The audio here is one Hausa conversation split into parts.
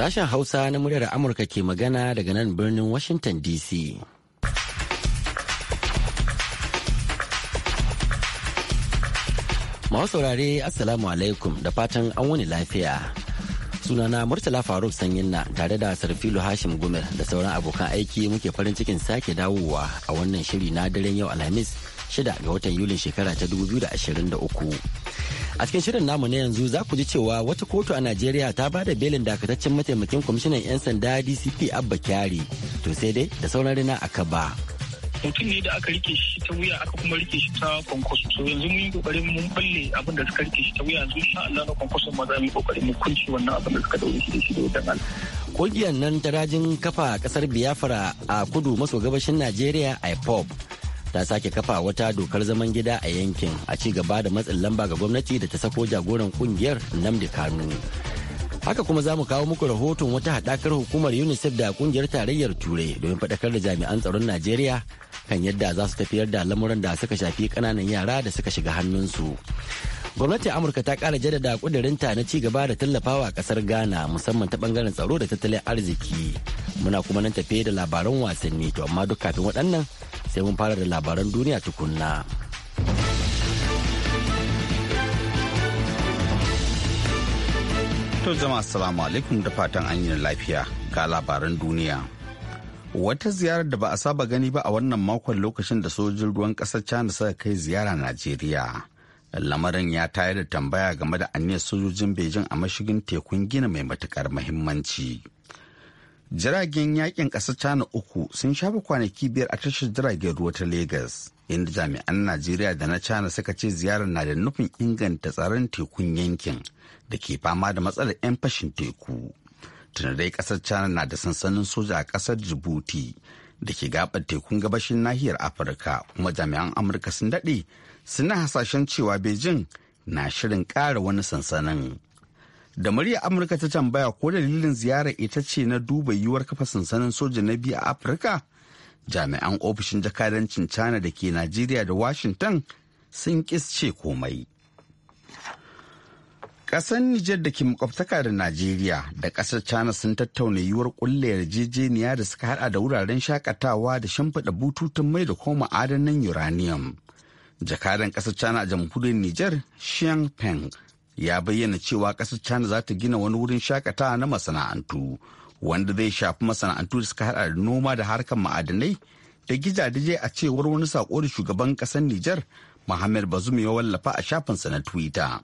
Sashen Hausa na muryar Amurka ke magana daga nan birnin Washington DC. Masu saurare Assalamu alaikum da fatan an wani lafiya. Sunana Murtala Faruk Sanyinna tare da Sarfilu Hashim Gumel da sauran abokan aiki muke farin cikin sake dawowa a wannan shiri na daren yau Alhamis shida ga watan Yulin shekara ta 2023. a cikin shirin namu na yanzu za ku ji cewa wata kotu a najeriya ta ba da belin dakataccen mataimakin kwamishinan 'yan sanda dcp abba kyari to sai dai da sauran rina aka ba mutum ne da aka rike shi ta wuya aka kuma rike shi ta kwankwaso to yanzu mun yi kokarin mun balle abin da suka rike shi ta wuya yanzu sha Allah na kwankwaso ma za mu yi kokarin mu kunce wannan abin da suka dauke shi da shi da wutan Allah kungiyar nan ta rajin kafa kasar biafra a kudu maso gabashin najeriya ipop ta sake kafa wata dokar zaman gida a yankin a ci gaba da matsin lamba ga gwamnati da ta sako jagoran kungiyar namdi Kanu. Haka kuma za mu kawo muku rahoton wata haɗakar hukumar UNICEF da kungiyar tarayyar Turai domin faɗakar da jami'an tsaron Najeriya kan yadda za su tafiyar da lamuran da suka shafi ƙananan yara da suka shiga hannunsu. gwamnatin amurka ta kara jaddada kudirinta na ci gaba da tallafawa kasar ghana musamman ta bangaren tsaro da tattalin arziki muna kuma nan tafiye da labaran wasanni to amma duk kafin waɗannan sai mun fara da labaran duniya tukunna to jama'a assalamu alaikum da fatan an yi lafiya ga labaran duniya wata ziyarar da ba a saba gani ba a wannan makon lokacin da sojin ruwan kasar china suka kai ziyara najeriya lamarin ya tayar da tambaya game da aniyar sojojin beijing a mashigin tekun gina mai matukar mahimmanci jiragen yakin ƙasar china uku sun shafa kwanaki biyar a tashar jiragen ruwa ta lagos inda jami'an najeriya da na china suka ce ziyarar na da nufin inganta tsaron tekun yankin da ke fama da matsalar 'yan fashin teku tuna dai ƙasar china na da sansanin soja a ƙasar djibouti da ke gabar tekun gabashin nahiyar afirka kuma jami'an amurka sun daɗe suna hasashen cewa beijing na shirin ƙara wani sansanin da murya amurka ta tambaya ko dalilin ziyarar ita ce na duba yiwuwar kafa sansanin soja na biyu a afirka jami'an ofishin jakadancin china da ke najeriya da washington sun ce komai ƙasar nijar da ke makwabtaka da najeriya da ƙasar china sun tattauna yiwuwar ƙulla yarjejeniya da suka haɗa da wuraren shakatawa da shimfiɗa bututun mai da koma adanan uranium jakadan kasar china a jamhuriyar niger xiang peng ya bayyana cewa kasar china za ta gina wani wurin shakatawa na masana'antu wanda zai shafi masana'antu da suka hada da noma da harkar ma'adanai da gidaje a cewar wani sako da shugaban kasar niger Muhammad Bazum ya wallafa a shafinsa na Twitter.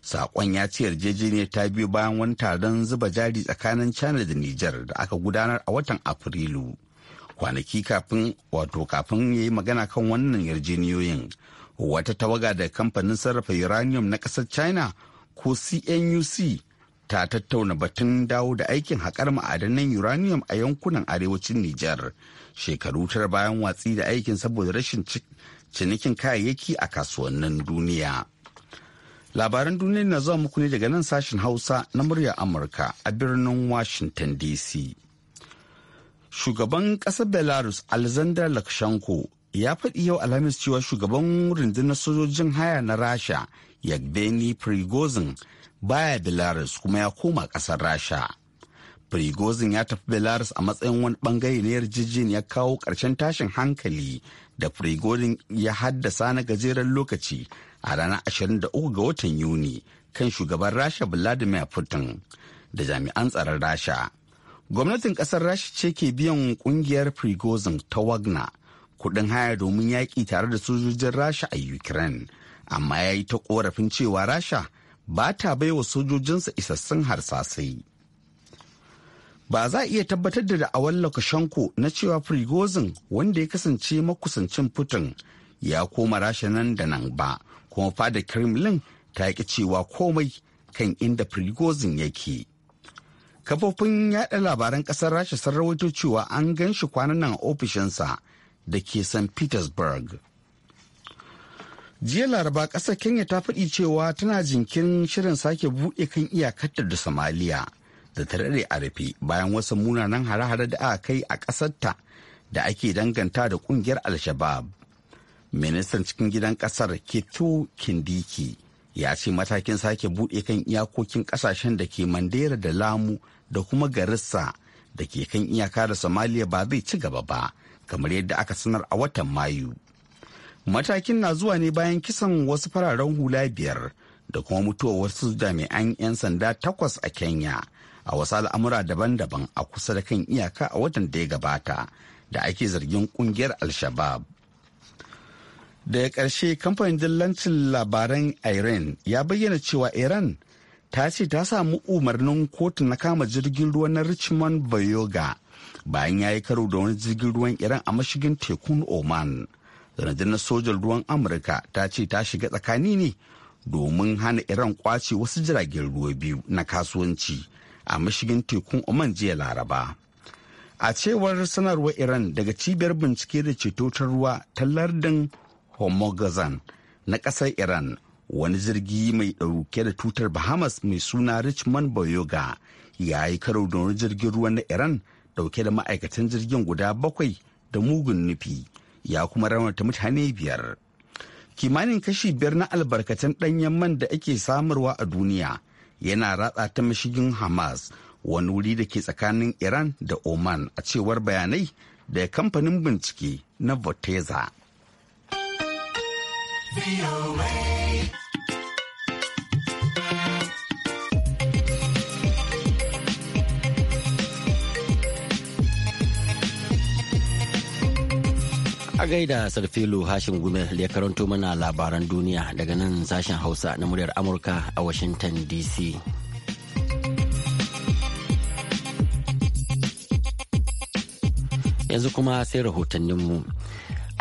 Sakon ya ce yarjejeniyar ta biyo bayan wani taron zuba jari tsakanin China da Niger da aka gudanar a watan Afrilu. kwanaki kafin wato kafin ya yi magana kan wannan yarjeniyoyin wata tawaga da kamfanin sarrafa uranium na ƙasar china ko cnuc ta tattauna batun dawo da aikin haƙar ma'adanan uranium a yankunan arewacin Nijar shekaru tara bayan watsi da aikin saboda rashin cinikin kayayyaki a kasuwannin duniya. Labaran duniya na zuwa muku ne daga nan sashen Hausa na muryar Amurka a birnin Washington DC. shugaban ƙasar belarus alexander lukashenko ya faɗi yau alhamis cewa shugaban rundunar sojojin haya na rasha yagbeni prigozin baya belarus kuma ya koma ƙasar rasha prigozin ya tafi belarus a matsayin wani ɓangare na yarjejeniyar kawo ƙarshen tashin hankali da prigozin ya haddasa na gajeren lokaci a ranar 23 ga watan yuni kan shugaban rasha vladimir putin da jami'an tsaron rasha gwamnatin kasar rasha ce ke biyan kungiyar prigozhin ta wagner kudin haya domin yaƙi tare da sojojin rasha a ukraine amma ya yi ta korafin cewa rasha ba ta baiwa sojojinsa isassun harsasai ba za a iya tabbatar da da'awar lukashenko na cewa prigozhin wanda ya kasance makusancin putin ya koma rasha nan da nan ba kuma fada kremlin ta ki cewa komai kan inda prigozhin yake Kafofin yada labaran kasar Rasha sun rawaito cewa an gan shi kwanan nan ofishinsa da ke St. Petersburg. Jiya Laraba ƙasar Kenya ta faɗi cewa tana jinkirin shirin sake buɗe kan iyakarta da Somalia da ta daɗe a rufe bayan wasu munanan hare-hare da aka kai a ƙasarta da ake danganta da ƙungiyar Al-Shabaab. Ministan cikin gidan ƙasar Keto Kindiki ya ce matakin sake buɗe kan iyakokin ƙasashen da ke mandera da lamu da kuma garissa da ke kan iyaka da somaliya ba zai ci gaba ba kamar yadda aka sanar a watan mayu matakin na zuwa ne bayan kisan wasu fararen hula biyar da kuma mutuwar wasu jami'an 'yan sanda takwas a kenya a wasu al'amura daban-daban a kusa da kan iyaka a watan da ya gabata da ake zargin kungiyar al-shabab daga ƙarshe kamfanin dillancin labaran iran ya bayyana cewa iran ta ce ta samu umarnin kotu na kama jirgin ruwa na richmond bayoga bayan ya yi karo da wani jirgin ruwan iran a mashigin tekun oman na sojan ruwan amurka ta ce ta shiga tsakani ne domin hana iran kwace wasu jiragen ruwa biyu na kasuwanci a mashigin tekun oman jiya laraba a cewar sanarwar iran daga cibiyar bincike da ceto ta ruwa ta lardin homogazan na ƙasar iran wani jirgi mai ɗauke da tutar bahamas mai suna richmond boyoga ya yi karo da wani jirgin ruwa na iran ɗauke da ma'aikatan jirgin guda bakwai da mugun nufi ya kuma raunata mutane biyar kimanin kashi biyar na albarkatun ɗanyen man da ake samarwa a duniya yana ratsa ta mashigin hamas wani wuri da ke tsakanin iran da oman a cewar bayanai da kamfanin bincike na vorteza A gaida Sarfilu Hashim Gumel ya karanto mana labaran duniya daga nan sashen Hausa na muryar Amurka a Washington DC. Yanzu kuma sai rahotanninmu.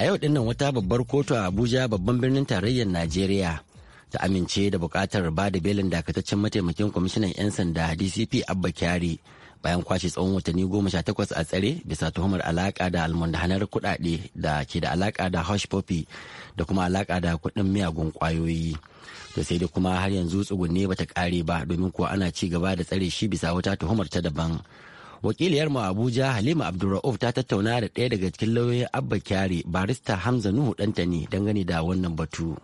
a yau dinnan wata babbar kotu a abuja babban birnin tarayyar najeriya ta amince da bukatar ba da belin dakataccen mataimakin kwamishinan 'yan sanda dcp abba kyari bayan kwashe tsawon watanni goma sha takwas a tsare bisa tuhumar alaka da almundahanar kuɗaɗe da ke da alaka da hush poppy da kuma alaka da kuɗin miyagun kwayoyi to sai da kuma har yanzu tsugunne bata kare ba domin kuwa ana ci gaba da tsare shi bisa wata tuhumar ta daban wakiliyar mu abuja halima abdulra'uf ta tattauna da ɗaya daga cikin lauyoyin abba kyari barista hamza nuhu ɗantani dangane da wannan batu.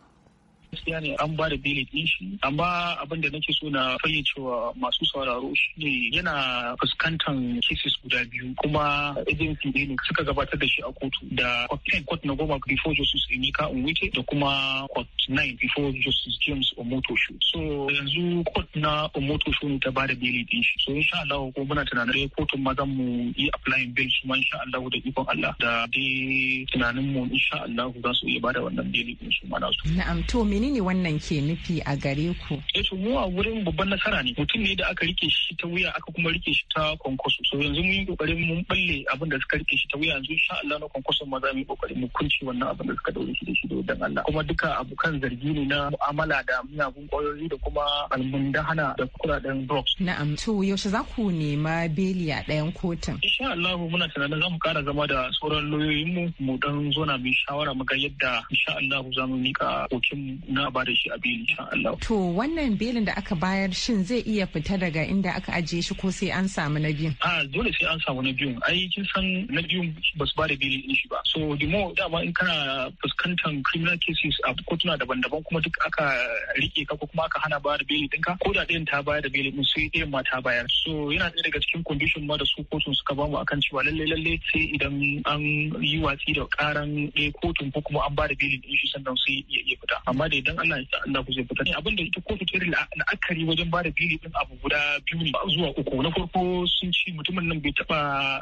gaskiya ne an ba da beli din shi amma abin da nake so na fayyacewa masu sauraro shine yana fuskantar cases guda biyu kuma agency ne suka gabatar da shi a kotu da court eh, na goma before justice Emeka unwite da kuma court 9 before justice James shu so yanzu court na shu ne ta ba da beli ɗin shi so insha Allah ko muna tunanin kotun ma zan mu yi applying bail su ma insha Allah da ikon Allah da dai tunanin mu insha Allah za su iya ba da wannan beli din su ma Na na'am menene wannan ke nufi a gare ku eh to mu a wurin babban nasara ne mutum ne da aka rike shi ta wuya aka kuma rike shi ta kwankwaso so yanzu mun yi kokarin mun balle abin da suka rike shi ta wuya yanzu insha Allah na kwankwaso ma za mu yi kokarin mu kunci wannan abin da suka daure shi da shi da wadan Allah kuma duka abokan zargi ne na mu'amala da miyagun kwayoyi da kuma almundahana da kuɗaɗen drugs na'am to yaushe za ku nema beli a ɗayan kotun insha Allah muna tunanin za mu kara zama da sauran lauyoyin mu dan zona mu shawara mu ga yadda insha Allah za mu mika kokin na ba da shi a beli sha Allah. To wannan belin da aka bayar shin zai iya fita daga inda aka ajiye shi ko sai an samu na biyun? dole sai an samu na biyun. Ai kin san na biyun ba su ba da beli din shi ba. So dimo dama in kana fuskantar criminal cases a kotuna daban-daban kuma duk aka rike ka ko kuma aka hana bayar beli dinka ko da ɗayan ta bayar da beli din sai ɗayan ma ta bayar. So yana ɗaya daga cikin condition ma da su kotun suka bamu akan cewa lalle-lalle sai idan an yi watsi da ƙaran ɗaya kotun ko kuma an ba da beli din shi sannan sai iya fita. Amma da ne eh, dan Allah ya Allah ku zai fitar abin da ita kotu ta la'akari wajen ba da bili din abu guda biyu ne zuwa uku na farko sun ci mutumin nan bai taba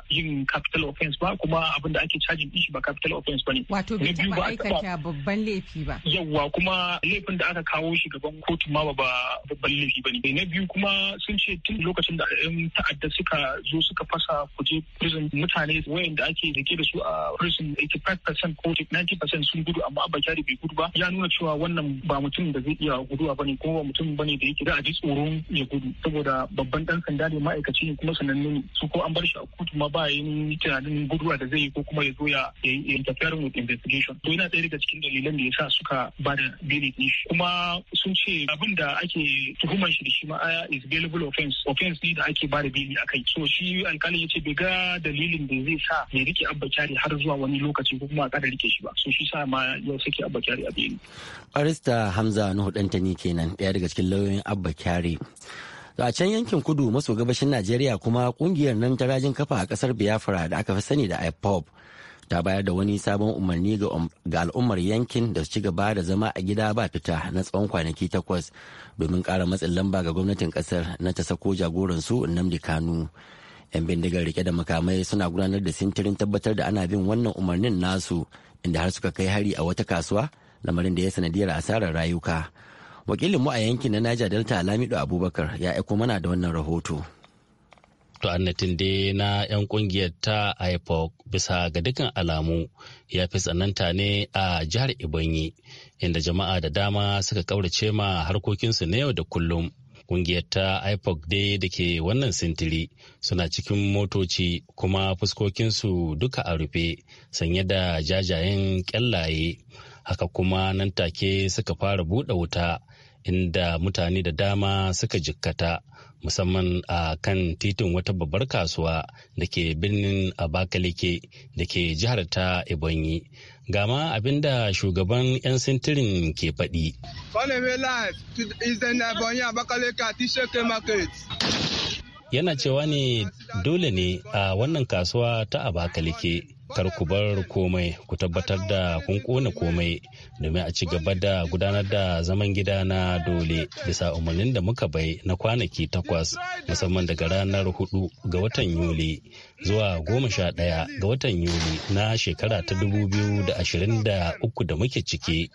yin capital offense ba kuma abin da ake din shi ba capital offense ba ne wato bai taba aikata babban laifi ba yawwa kuma laifin da aka kawo shi gaban kotu ma ba babban laifi ba ne na biyu kuma sun ce tun lokacin da yan ta'adda suka zo suka fasa kuje prison mutane wayan da ake rike da su a prison 85% ko 90% sun gudu amma abakari bai gudu ba ya nuna cewa wannan ba mutum da zai iya guduwa bane kuma ba mutum bane da yake da a ji tsoron ya gudu saboda babban dan sanda ne ma'aikaci ne kuma sananne ne su ko an bar shi a kotu ma ba yin tunanin guduwa da zai yi ko kuma ya zo ya yi interfering with investigation to yana ɗaya daga cikin dalilan da ya sa suka ba da bene din shi kuma sun ce abin da ake tuhumar shi da shi ma is bailable offense offense ne da ake ba da beli akai so shi alkali ya ce bai ga dalilin da zai sa ya rike abba kyari har zuwa wani lokaci ko kuma a kada rike shi ba so shi sa ma ya sake abba kyari a beli barista hamza nuhu dantani kenan ɗaya daga cikin lauyoyin abba kyare a can yankin kudu maso gabashin najeriya kuma ƙungiyar nan ta rajin kafa a kasar biafra da aka fi sani da ipop ta bayar da wani sabon umarni um, ga al'ummar yankin da su ci gaba da zama a gida ba fita na tsawon kwanaki takwas domin ƙara matsin lamba ga gwamnatin ƙasar na ta sako jagoransu namdi kanu yan bindigar rike da makamai suna gudanar da sintirin tabbatar da ana bin wannan umarnin nasu inda har suka kai hari a wata kasuwa lamarin da ya sanadiyar asarar rayuka wakilin mu a yankin na Niger Delta Lamido Abubakar ya aiko mana da wannan rahoto. To annatin dai na 'yan kungiyar ta IPOC bisa ga dukkan alamu ya fi tsananta ne a jihar Ebonyi inda jama'a da dama suka kaurace ma harkokinsu na yau da kullum. Kungiyar ta IPOC dai da ke wannan sintiri suna cikin motoci kuma fuskokinsu duka a rufe sanye da jajayen ƙyallaye. haka kuma nan take suka fara buɗe wuta inda mutane da dama suka jikkata musamman a kan titin wata babbar kasuwa da ke birnin abakalike da ke jihar ta ebonyi gama abinda shugaban 'yan sintirin ke faɗi. yana cewa ne dole ne a wannan kasuwa ta abakalike kar ku bar komai ku tabbatar da kun kona komai domin a ci gaba da gudanar da zaman gida na dole bisa umarnin da muka bai na kwanaki takwas musamman daga ranar hudu ga watan yuli zuwa goma sha daya ga watan yuli na shekara ta dubu biyu da ashirin da uku da muke ciki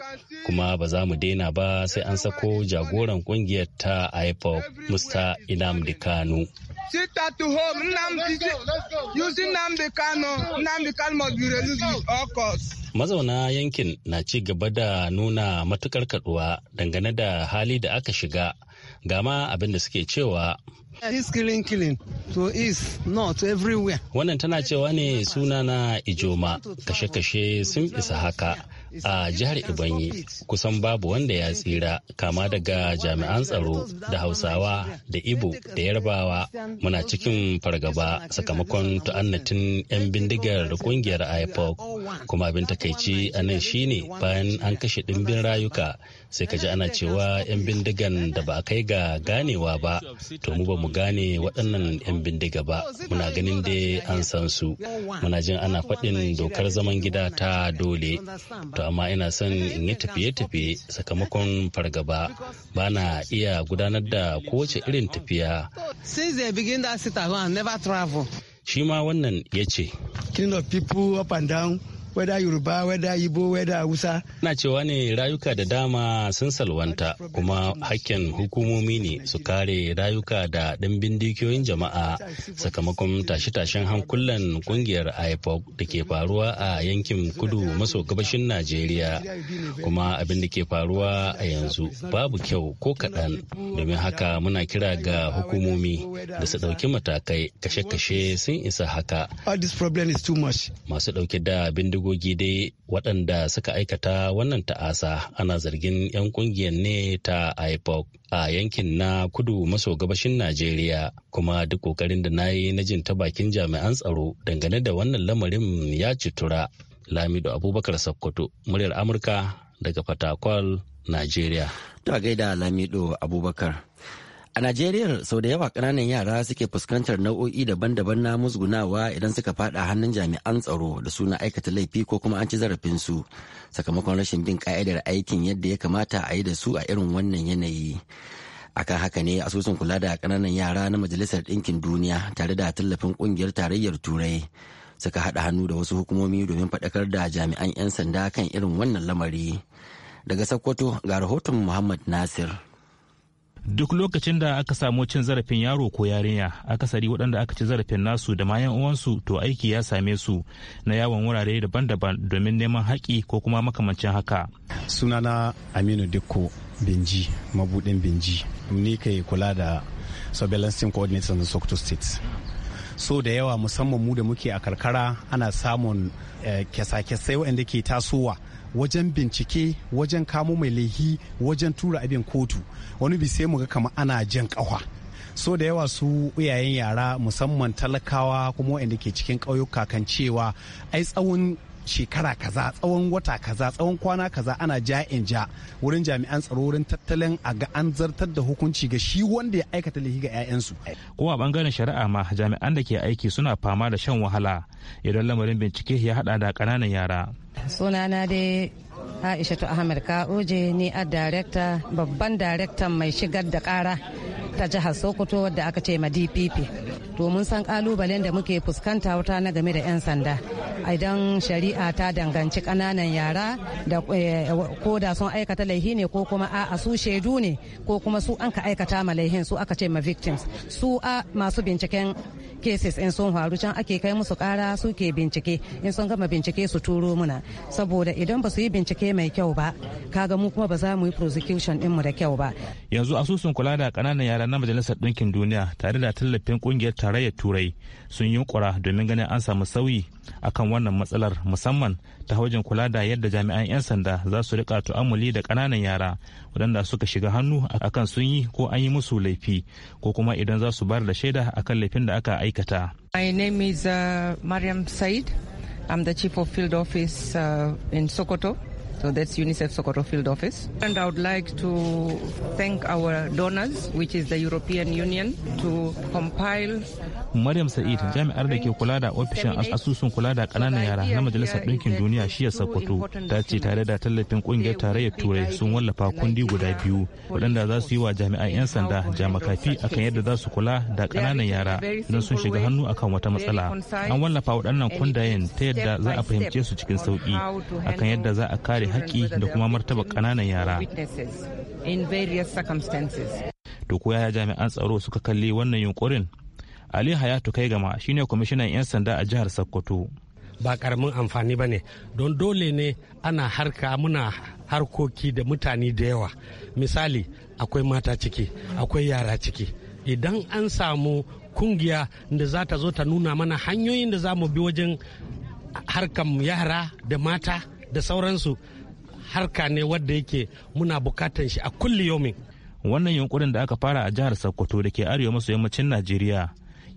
kuma ba za mu daina ba sai an sako jagoran kungiyar ta ipop musta inam kanu Sit at home. Nnamdi, using Nnamdi Kano, Nnamdi Kano must be released with all costs. mazauna yankin na ci gaba da nuna matukar kaduwa dangane da hali da aka shiga gama abin da suke cewa Wannan tana cewa ne suna na Ijoma, kashe-kashe sun isa haka a jihar Ibanyi kusan babu wanda ya tsira kama daga jami'an tsaro da Hausawa da Ibo da Yarbawa muna cikin fargaba sakamakon ta'annatin 'yan bindigar kungiyar IPOC kuma abin takaici a nan shine bayan an kashe ɗimbin rayuka sai ka ji ana cewa 'yan bindigan da ba a kai ga ganewa ba to mu ba mu gane waɗannan 'yan bindiga ba muna ganin dai an san su muna jin ana faɗin dokar zaman gida ta dole to amma ina son in yi tafiye-tafiye sakamakon fargaba ba na iya gudanar da kowace irin tafiya shi ma wannan ya ce king of people wada Yoruba, wada Igbo, wada Hausa. Na cewa ne rayuka da dama sun salwanta kuma hakken hukumomi ne su kare rayuka da ɗimbin dukiyoyin jama'a sakamakon tashe-tashen hankulan kungiyar ipop da ke faruwa a yankin kudu maso gabashin Najeriya. Kuma abin da ke faruwa a yanzu babu kyau ko kaɗan domin haka muna kira ga hukumomi da su ɗauki matakai kashe-kashe sun isa haka. Masu ɗauke da bindigo bindigogi dai waɗanda suka aikata wannan ta'asa ana zargin 'yan ƙungiyar ne ta ipoc a yankin na kudu maso gabashin najeriya kuma duk ƙoƙarin da na yi na jin ta bakin jami'an tsaro dangane da wannan lamarin ya citura lamido abubakar sakkwato muryar amurka daga fatakwal najeriya ta gaida lamido abubakar A Najeriya sau da yawa ƙananan yara suke fuskantar nau'o'i daban-daban na musgunawa idan suka fada hannun jami'an tsaro da suna aikata laifi ko kuma an ci zarafinsu sakamakon rashin bin ka'idar aikin yadda ya kamata a yi da su a irin wannan yanayi. akan haka ne asusun kula da ƙananan yara na majalisar ɗinkin duniya tare da tallafin ƙungiyar tarayyar turai suka haɗa hannu da wasu hukumomi domin faɗakar da jami'an 'yan sanda kan irin wannan lamari daga sokoto ga rahoton muhammad nasir duk lokacin da aka samu cin zarafin yaro ko yarinya akasari waɗanda aka ci zarafin nasu da mayan uwansu to aiki ya same su na yawon wurare daban-daban domin neman haƙi ko kuma makamancin haka sunana aminu dikko binji mabudin binji ni kai kula da surveillance team coordinator na sokoto state so da yawa musamman mu da muke a karkara ana samun eh, kyasa-kyasai waɗanda ke tasowa wajen bincike wajen kamo mai laihi wajen tura abin kotu wani bi sai mu ga kamar ana jan kawa so da yawa su iyayen yara musamman talakawa kuma wanda ke cikin ƙauyuka kan cewa ai tsawon shekara kaza tsawon wata kaza tsawon kwana kaza ana ja in ja wurin jami'an tsaro wurin tattalin a ga an zartar da hukunci ga shi wanda ya aikata laifi ga 'ya'yansu. a bangaren shari'a ma jami'an da ke aiki suna fama da shan wahala idan lamarin bincike ya hada da kananan yara. sunana dai aishatu ahmed ka'oje ni a director babban darektan mai shigar da kara ta jihar sokoto wadda aka ce ma dpp to mun san kalubalen da muke fuskanta wata na game da 'yan sanda idan shari'a ta danganci kananan yara da eh, ko da sun aikata laihi ne ko kuma a su shaidu ne ko kuma su an ka aikata ma laihin su aka ce ma victims su a masu binciken cases in sun faru can ake kai musu kara suke bincike in sun gama bincike su turo muna saboda idan ba su yi bincike mai kyau ba kaga mu kuma ba za mu yi prosecution din mu da kyau ba yanzu asusun kula da kananan yara yara na majalisar ɗinkin duniya tare da tallafin ƙungiyar tarayyar turai sun yi yunkura domin ganin an samu sauyi akan wannan matsalar musamman ta wajen kula da yadda jami'an 'yan sanda za su rika tu'amuli da ƙananan yara waɗanda suka shiga hannu akan sun yi ko an yi musu laifi ko kuma idan za su bayar da shaida akan laifin da aka aikata. My name is uh, Mariam Said. I'm the chief of field office uh, in Sokoto. So that's UNICEF Sokoto field office. And I would like to thank our donors, which is the European Union, to compile Maryam Sa'id uh, jami'ar da ke kula da ofishin asusun kula da ƙananan yara na Majalisar e Ɗinkin Duniya shiya Sokoto ta ce tare da tallafin ƙungiyar tarayyar Turai sun wallafa kundi guda biyu waɗanda za su yi wa jami'an 'yan sanda jamakafi akan yadda za su kula da ƙananan yara idan sun shiga hannu akan wata matsala. An wallafa waɗannan kundayen ta yadda za a fahimce su cikin sauƙi akan yadda za a kare haƙƙi da kuma martaba ƙananan yara. To ya jami'an tsaro suka kalli wannan yunkurin? Ali Hayatu kai gama shine kwamishinan 'yan sanda a jihar Sokoto. Ba karamin amfani ba ne, don dole ne ana harka muna harkoki da mutane da yawa. Misali, akwai mata ciki, akwai yara ciki. Idan an samu kungiya da za ta zo ta nuna mana hanyoyin da za mu bi wajen harkan yara da mata da sauransu harka ne wadda yake muna bukatan shi a kulli yomin wannan yunkurin da aka fara a jihar sokoto da ke arewa maso yammacin najeriya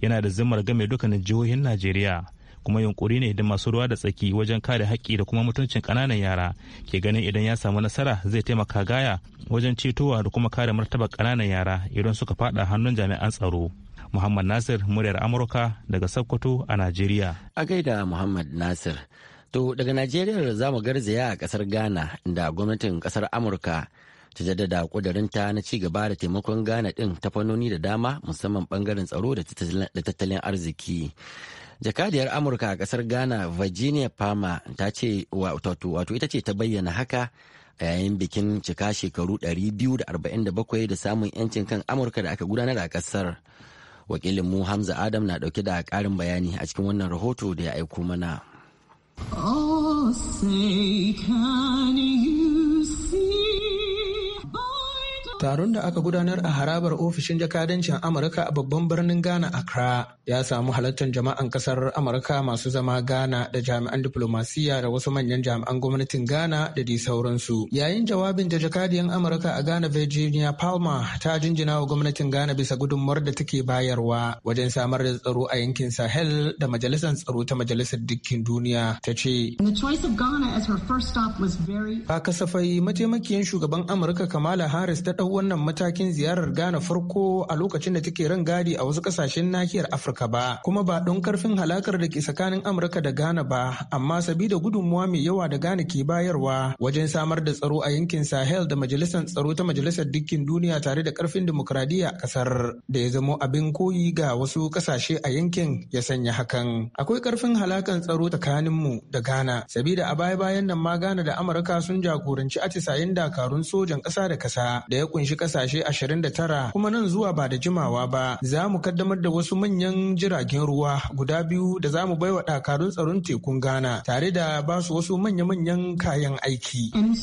yana da zimmar game dukkanin jihohin najeriya kuma yunkuri ne da masu ruwa da tsaki wajen kare haƙƙi da kuma mutuncin ƙananan yara ke ganin idan ya samu nasara zai taimaka gaya wajen cetowa da kuma kare martabar ƙananan yara idan suka faɗa hannun jami'an tsaro muhammad nasir muryar amurka daga sokoto a najeriya a gaida muhammad nasir To daga Najeriya za mu garzaya a kasar Ghana da gwamnatin kasar Amurka ta jaddada kudurinta na ci gaba da taimakon Ghana din ta fannoni da dama musamman bangaren tsaro da tattalin arziki. Jakadiyar Amurka a kasar Ghana Virginia Palmer ta ce wato ita ce ta bayyana haka a yayin bikin cika shekaru 247 da samun 'yancin kan Amurka da aka gudanar a kasar. Wakilin mu Hamza Adam na dauke da karin bayani a cikin wannan rahoto da ya aiko mana. Oh, say can you Taron da aka gudanar a harabar ofishin jakadancin Amurka a babban birnin Ghana a Accra ya samu halartar jama'an kasar Amurka masu zama Ghana da jami'an diplomasiya da wasu manyan jami'an gwamnatin Ghana da dai sauransu. Yayin jawabin da jakadiyan Amurka a Ghana Virginia Palmer ta jinjina wa gwamnatin Ghana bisa gudunmuwar da take bayarwa wajen samar da tsaro a yankin Sahel da majalisar tsaro ta majalisar dukkin duniya ta ce. Ba kasafai mataimakiyar shugaban Amurka Kamala Harris ta ɗau wannan matakin ziyarar Ghana farko a lokacin da take ran gadi a wasu ƙasashen nahiyar Afirka ba, kuma ba don karfin halakar da ke tsakanin Amurka da Ghana ba, amma sabida gudunmuwa mai yawa da Ghana ke bayarwa wajen samar da tsaro a yankin Sahel da Majalisar Tsaro ta Majalisar Dukkin Duniya tare da karfin dimokuraɗiyya a ƙasar da ya zamo abin koyi ga wasu ƙasashe a yankin ya sanya hakan. Akwai karfin halakan tsaro tsakaninmu da Ghana, sabida a baya-bayan nan ma Ghana da Amurka sun jagoranci atisayen dakarun sojan ƙasa da ƙasa da ya kunshi kasashe 29 kuma nan zuwa ba da jimawa ba za mu kaddamar da wasu manyan jiragen ruwa guda biyu da za mu baiwa dakarun tsaron tekun Ghana tare da ba su wasu manya-manyan kayan aiki. And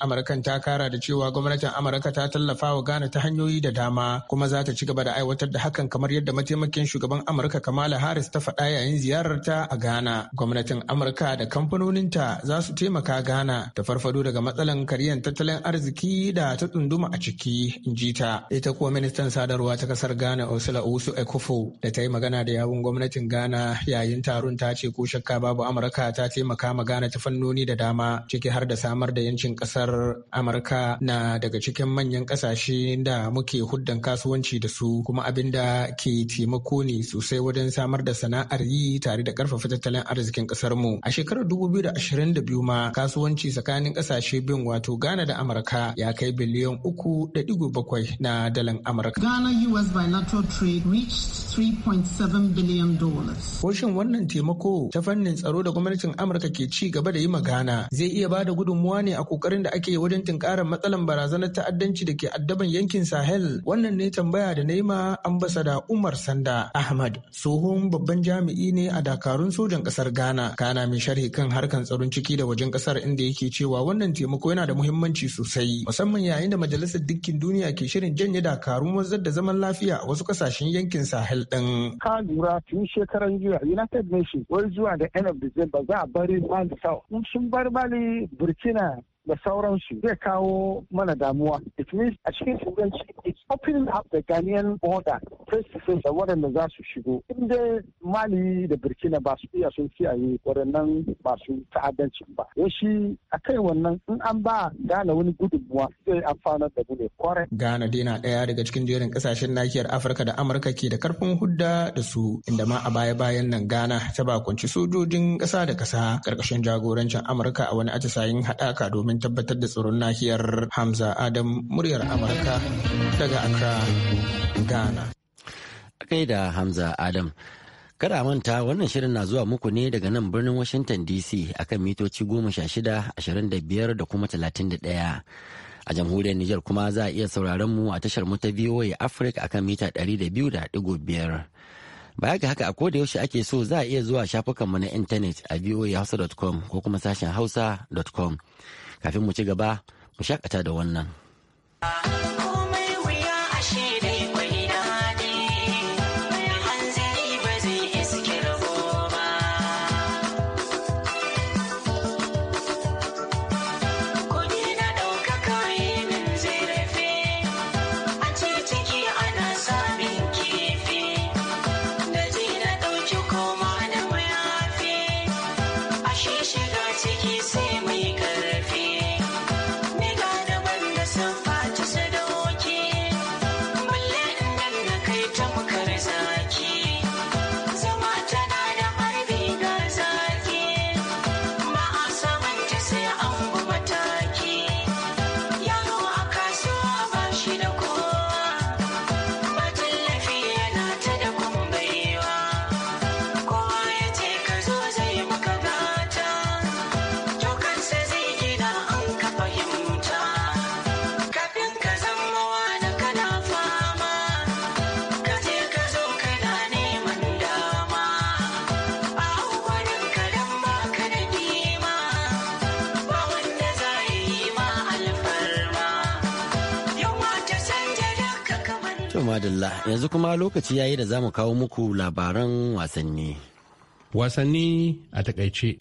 Amurkan ta kara da cewa gwamnatin Amurka ta tallafa wa Ghana ta hanyoyi da dama kuma za ta ci gaba da aiwatar da hakan kamar yadda mataimakin shugaban Amurka Kamala Harris ta faɗa yayin ziyararta a Ghana. Gwamnatin Amurka amurka da kamfanoninta za su taimaka ghana ta farfado daga matsalan karyan tattalin arziki da ta tsunduma a ciki in ji ta ita kuwa ministan sadarwa ta kasar ghana osila usu ekufo da ta yi magana da yawun gwamnatin ghana yayin taron ta ce ko shakka babu amurka ta taimaka ma ghana ta fannoni da dama ciki har da samar da yancin kasar amurka na daga cikin manyan kasashe da muke huddan kasuwanci da su kuma abin da ke taimako ne sosai wajen samar da sana'ar yi tare da karfafa tattalin arzikin kasar mu A shekarar 2022 ma kasuwanci tsakanin ƙasashe biyun wato Ghana da Amurka ya kai biliyan uku da digo bakwai na dalan Amurka. Ghana-US bilateral trade reached 3.7 billion dollars. Koshin wannan taimako ta fannin tsaro da gwamnatin Amurka ke ci gaba da yi magana zai iya bada gudunmuwa ne a kokarin da ake wajen tunkarar matsalan barazanar ta'addanci da ke addaban yankin Sahel. Wannan ne tambaya da naima ambasada Umar Sanda Ahmad, tsohon babban jami'i ne a dakarun sojan ƙasar Ghana. Kana mai sharhi kan harkan tsaron ciki da wajen kasar inda yake cewa wannan taimako yana da muhimmanci sosai musamman yayin da majalisar dukkin duniya ke shirin janye dakarun wanzar da zaman lafiya a wasu kasashen yankin sahel din. ka lura tun shekaran jiya united nations wai zuwa da end of december za a bari mali sau sun bar mali burkina da sauransu zai kawo mana damuwa. It means a cikin turanci it's opening up the Ghanaian border face to face da waɗanda za su shigo. Inda Mali da Burkina ba su iya sun kiyaye waɗannan masu ta'addanci ba. Yashi a kai wannan in an ba Ghana wani gudunmuwa zai amfana da bude kware. kwarai. Ghana dai na ɗaya daga cikin jerin ƙasashen nahiyar Afirka da Amurka ke da karfin hudda da su inda ma a baya-bayan nan Ghana ta bakunci sojojin ƙasa da ƙasa ƙarƙashin jagorancin Amurka a wani atisayin haɗaka domin don tabbatar da tsoron nahiyar Hamza Adam muryar Amurka daga Accra, Ghana. da Hamza Adam. Kada manta wannan shirin na zuwa muku ne daga nan birnin Washington DC akan mitoci goma sha shida, ashirin da biyar da kuma talatin da ɗaya. A jamhuriyar Nijar kuma za a iya sauraron mu a tashar mu ta VOA Africa akan mita ɗari da biyu da ɗigo biyar. Baya ga haka a koda yaushe ake so za a iya zuwa shafukanmu na intanet a voahausa.com ko kuma sashen hausa.com. kafin mu ci gaba mu shakata da wannan. To madalla yanzu kuma lokaci yayi da zamu kawo muku labaran wasanni. Wasanni a takaice.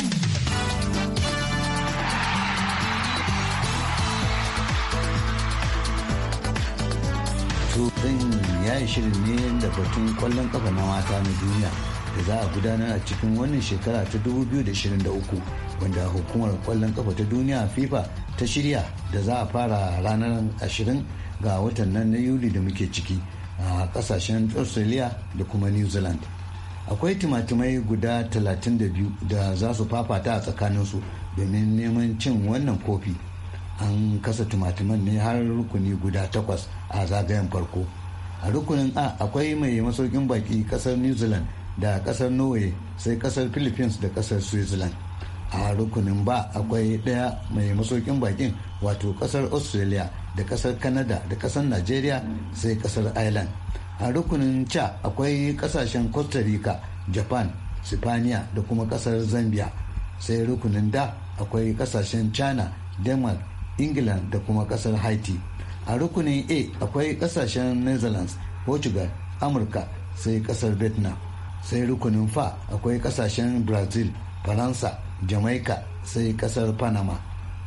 Tutsin ya yi shirin ne da batun kwallon kafa na mata na duniya da za a gudanar a cikin wannan shekara ta 2023 wanda hukumar kwallon kafa ta duniya FIFA ta shirya da za a fara ranar 20 ga watan nan na yuli da muke ciki a kasashen australia da kuma new zealand akwai timatimai guda 32 da za su fafata a tsakaninsu domin neman cin wannan kofi an kasa timatiman ne har rukuni guda takwas a zagayen farko a rukunin a akwai mai masaukin baki kasar new zealand da kasar norway sai kasar philippines da kasar switzerland a rukunin ba akwai ɗaya mai masaukin bakin wato ƙasar australia da ƙasar canada da ƙasar nigeria sai ƙasar ireland a rukunin ca akwai ƙasashen costa rica japan sipaniya da kuma ƙasar zambia sai rukunin da akwai ƙasashen china denmark england da kuma ƙasar haiti a rukunin a akwai ƙasashen netherlands portugal amurka sai ƙasar vietnam sai rukunin fa akwai ƙasashen brazil faransa jamaica sai kasar panama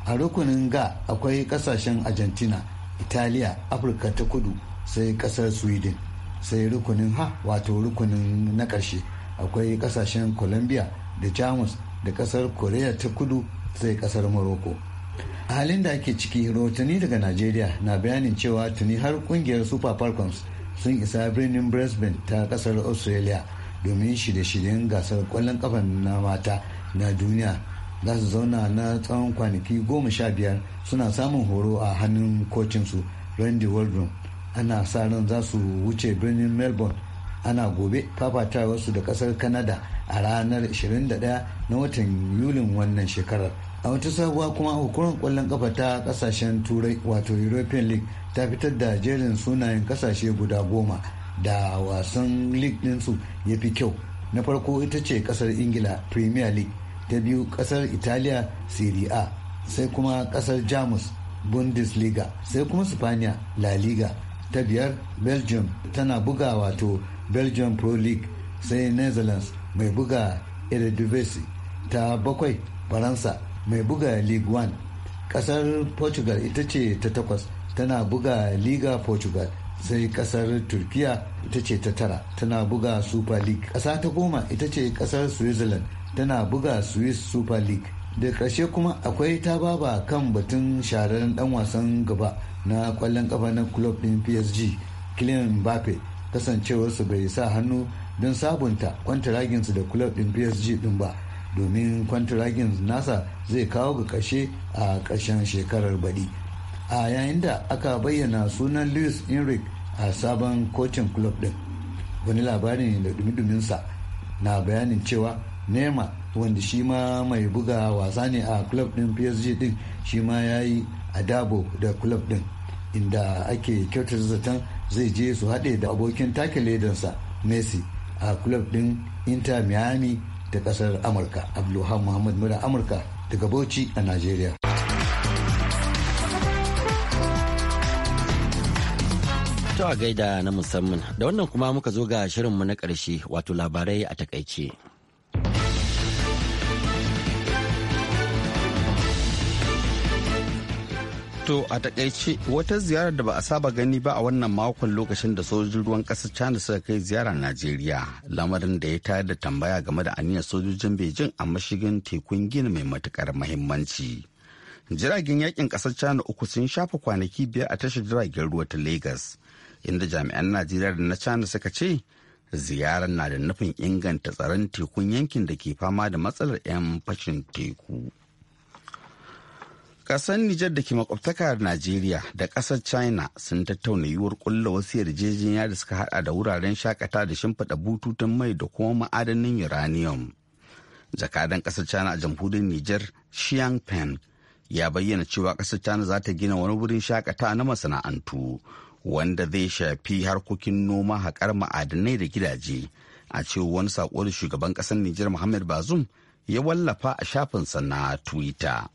a rukunin ga akwai kasashen argentina italiya afirka ta kudu sai kasar sweden sai rukunin ha wato rukunin na ƙarshe akwai kasashen colombia da jamus da kasar korea ta kudu sai kasar morocco a halin da ake ciki rahotanni daga nigeria na bayanin cewa tuni har kungiyar super falcons sun isa birnin brisbane ta kasar australia domin shirye-shiryen gasar kwallon ƙafa na mata na duniya za su zauna na tsawon kwanaki goma sha biyar suna samun horo a hannun kocinsu randy waldron ana sa ran za su wuce birnin melbourne ana gobe wasu da kasar Kanada a ranar 21 na watan yulin wannan shekarar a wata sabuwa kuma hukumar kwallon kafa ta kasashen turai wato european league ta fitar da jerin sunayen kasashe guda goma da wasan league ɗinsu ya fi kyau na farko ita ce kasar ingila premier league ta biyu kasar italiya serie a sai kuma kasar jamus bundesliga sai kuma spaniya la liga ta biyar belgium tana buga wato belgium pro league sai netherlands mai buga eredivisie ta bakwai faransa mai buga league one kasar portugal ita ce ta takwas tana buga liga portugal sai kasar turkiya ita ce ta tara tana buga super league ƙasa ta goma ita ce kasar switzerland tana buga swiss super league da ƙarshe kuma akwai ta baba kan batun shahararren dan wasan gaba na kwallon kafa na club din psg kylian mbappe su bai sa hannu don sabunta kwantaraginsu da club din psg din ba domin kwantiragin nasa zai kawo ga ƙarshe a ƙarshen shekarar baɗi a yayin da aka bayyana sunan luis enrique a sabon kocin club din wani labarin da dumi-duminsa na bayanin cewa nema wanda shi ma mai buga wasa ne a club din psg din shi ma ya yi adabo da club din inda ake kyautar zaton zai je su haɗe da abokin take ledansa messi a club din inter miami da ƙasar amurka abdulhamu muhammad mura amurka daga bauchi a Najeriya. To a gaida na musamman da wannan kuma muka zo ga shirinmu na karshe wato labarai a takaice. To a takaice wata ziyara da ba a saba gani ba a wannan makon lokacin da sojojin ruwan kasar China suka kai ziyara Najeriya lamarin da ya tayar da tambaya game da aniyar sojojin Beijing a mashigin tekun gini mai matukar mahimmanci. Jiragen yakin ƙasar China uku sun shafa kwanaki biyar a tashar jiragen ruwa ta Lagos inda jami'an najeriya da na china suka ce ziyarar na da nufin inganta tsaron tekun yankin da ke fama da matsalar 'yan fashin teku kasar nijar da ke makwabtaka da najeriya da kasar china sun tattauna yiwuwar kulla wasu yarjejeniya da suka hada da wuraren shakata da shimfiɗa bututun mai da kuma ma'adanin uranium jakadan kasar china a jamhuriyar nijar xiang ya bayyana cewa kasar china za ta gina wani wurin shakata na masana'antu wanda zai shafi harkokin noma haƙar ma'adanai da gidaje a cewa wani saƙo da shugaban ƙasar Nijar Muhammad bazum ya wallafa a shafin sa na Twitter.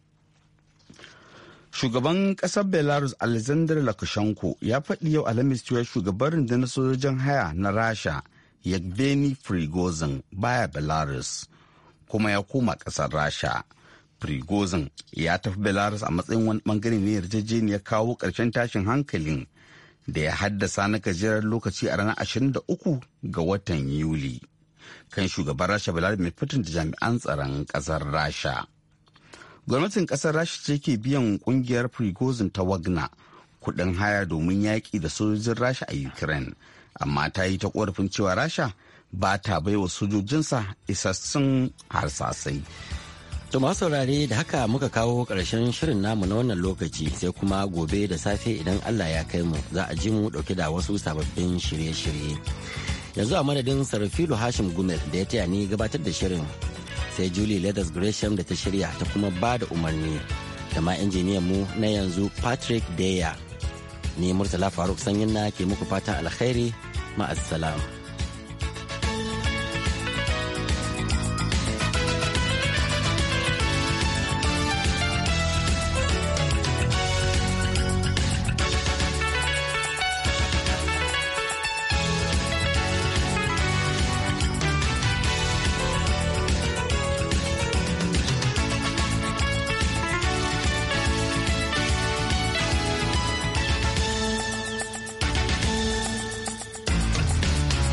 Shugaban ƙasar Belarus Alexander Lukashenko ya faɗi yau Alhamis cewa shugaban rundunar sojojin haya na Rasha Yevgeny Prigozhin baya Belarus kuma ya koma ƙasar Rasha. Prigozhin ya tafi Belarus a matsayin wani bangare ne yarjejeniyar kawo ƙarshen tashin hankalin da ya haddasa na gajerar lokaci a ranar 23 ga watan Yuli kan shugaban Rasha Vladimir Putin da jami'an tsaron kasar Rasha. Gwamnatin kasar Rasha ce ke biyan kungiyar Prigozhin ta Wagner kuɗin haya domin yaƙi da sojojin Rasha a Ukraine, amma ta yi ta ƙorafin cewa Rasha ba ta baiwa sojojinsa isassun harsasai. To masu saurare da haka muka kawo ƙarshen shirin namu na wannan lokaci sai kuma gobe da safe idan Allah ya kai mu za a ji mu ɗauke da wasu sababbin shirye-shirye. Yanzu a madadin Sarfilu Hashim Gumel da ya taya ni gabatar da shirin sai Julie Leathers Gresham da ta shirya ta kuma ba da umarni da ma injiniyan mu na yanzu Patrick Deya. Ni Murtala Faruk Sanyin na ke muku fatan alkhairi ma'assalam.